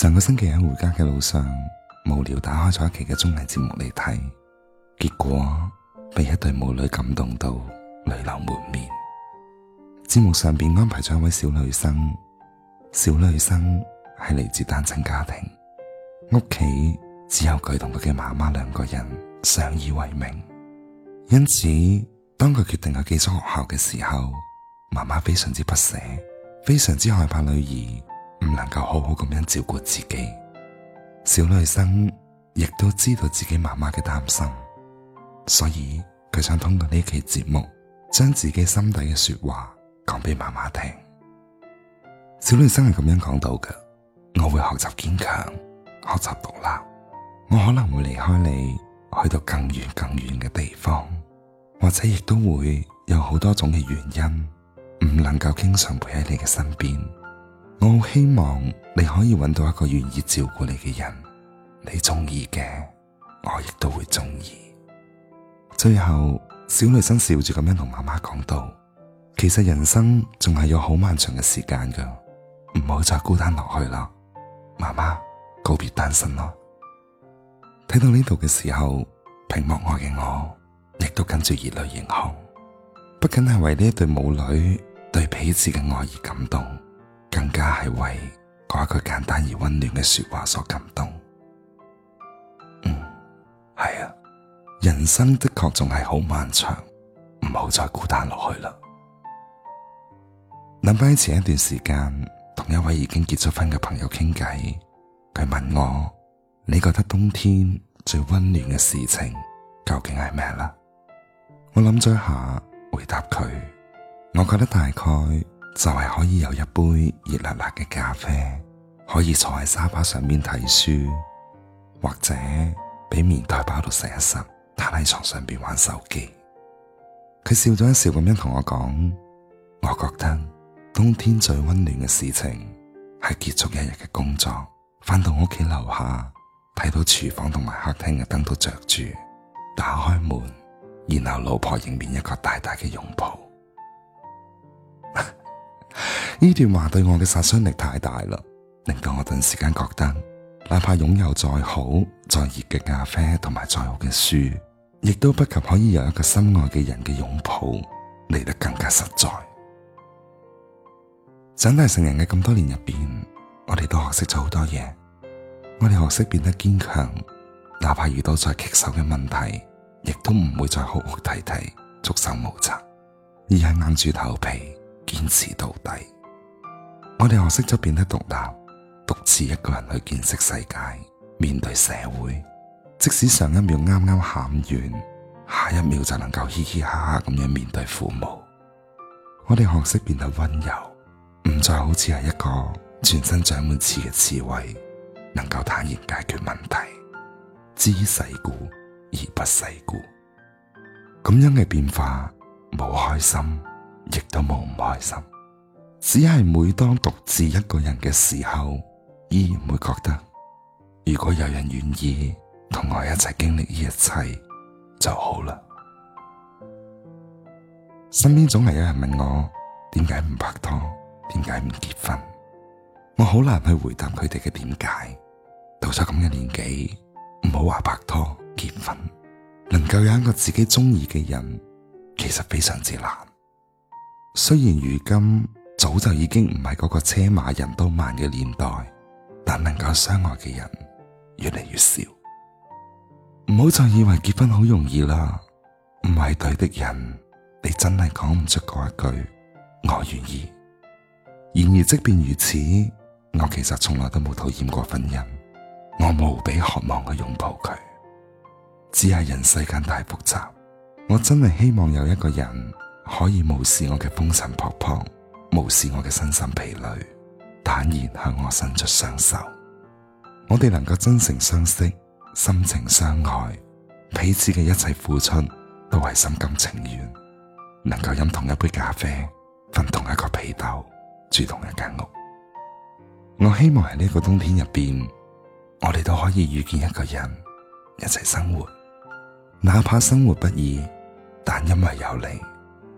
上個星期喺回家嘅路上，無聊打開咗一期嘅綜藝節目嚟睇，結果被一對母女感動到淚流滿面。節目上面安排咗一位小女生，小女生係嚟自單親家庭，屋企只有佢同佢嘅媽媽兩個人相依為命，因此當佢決定去寄宿學校嘅時候，媽媽非常之不捨，非常之害怕女兒唔能夠好好咁樣照顧自己，小女生亦都知道自己媽媽嘅擔心，所以佢想通過呢期節目將自己心底嘅說話講俾媽媽聽。小女生係咁樣講到嘅：我會學習堅強，學習獨立，我可能會離開你去到更遠更遠嘅地方，或者亦都會有好多種嘅原因唔能夠經常陪喺你嘅身邊。我好希望你可以揾到一個願意照顧你嘅人，你中意嘅，我亦都會中意。最後，小女生笑住咁樣同媽媽講道：其實人生仲係有好漫長嘅時間噶，唔好再孤單落去啦，媽媽，告別單身咯。睇到呢度嘅時候，屏幕外嘅我亦都跟住熱淚盈眶，不僅係為呢一對母女對彼此嘅愛而感動。更加係為嗰一句簡單而溫暖嘅說話所感動。嗯，係啊，人生的確仲係好漫長，唔好再孤單落去啦。諗翻起前一段時間同一位已經結咗婚嘅朋友傾偈，佢問我，你覺得冬天最溫暖嘅事情究竟係咩啦？我諗咗一下，回答佢，我覺得大概。就係可以有一杯熱辣辣嘅咖啡，可以坐喺沙發上面睇書，或者俾棉袋包到成一實，躺喺床上邊玩手機。佢笑咗一笑咁樣同我講：我覺得冬天最温暖嘅事情係結束一日嘅工作，翻到屋企樓下睇到廚房同埋客廳嘅燈都着住，打開門，然後老婆迎面一個大大嘅擁抱。呢段話對我嘅殺傷力太大啦，令到我頓時間覺得，哪怕擁有再好、再熱嘅咖啡同埋再好嘅書，亦都不及可以有一個心愛嘅人嘅擁抱嚟得更加實在。長大成人嘅咁多年入邊，我哋都學識咗好多嘢，我哋學識變得堅強，哪怕遇到再棘手嘅問題，亦都唔會再哭哭啼啼、束手無策，而係硬住頭皮堅持到底。我哋學識咗變得獨立，獨自一個人去見識世界，面對社會。即使上一秒啱啱喊完，下一秒就能夠嘻嘻哈哈咁樣面對父母。我哋學識變得温柔，唔再好似係一個全身長滿刺嘅刺猬，能夠坦然解決問題，知世故而不世故。咁樣嘅變化，冇開心，亦都冇唔開心。只係每當獨自一個人嘅時候，依然會覺得，如果有人願意同我一齊經歷呢一切，就好啦。身邊總係有人問我，點解唔拍拖，點解唔結婚？我好難去回答佢哋嘅點解。到咗咁嘅年紀，唔好話拍拖結婚，能夠有一個自己中意嘅人，其實非常之難。雖然如今，早就已經唔係嗰個車馬人都慢嘅年代，但能夠相愛嘅人越嚟越少。唔好再以為結婚好容易啦，唔係對的人，你真係講唔出嗰一句我願意。然而，即便如此，我其實從來都冇討厭過婚姻，我無比渴望去擁抱佢。只係人世間太複雜，我真係希望有一個人可以無視我嘅風塵僕僕。無視我嘅身心疲累，坦然向我伸出雙手。我哋能夠真誠相識、深情相愛，彼此嘅一切付出都係心甘情願。能夠飲同一杯咖啡、瞓同一個被斗、住同一間屋。我希望喺呢個冬天入邊，我哋都可以遇見一個人，一齊生活。哪怕生活不易，但因為有你，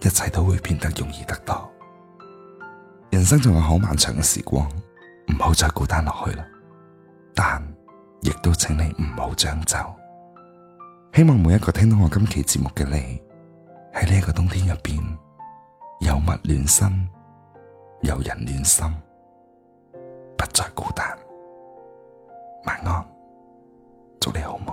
一切都會變得容易得多。人生仲有好漫長嘅時光，唔好再孤單落去啦。但亦都請你唔好將就。希望每一個聽到我今期節目嘅你，喺呢一個冬天入面，有物暖身，有人暖心，不再孤單。晚安，祝你好夢。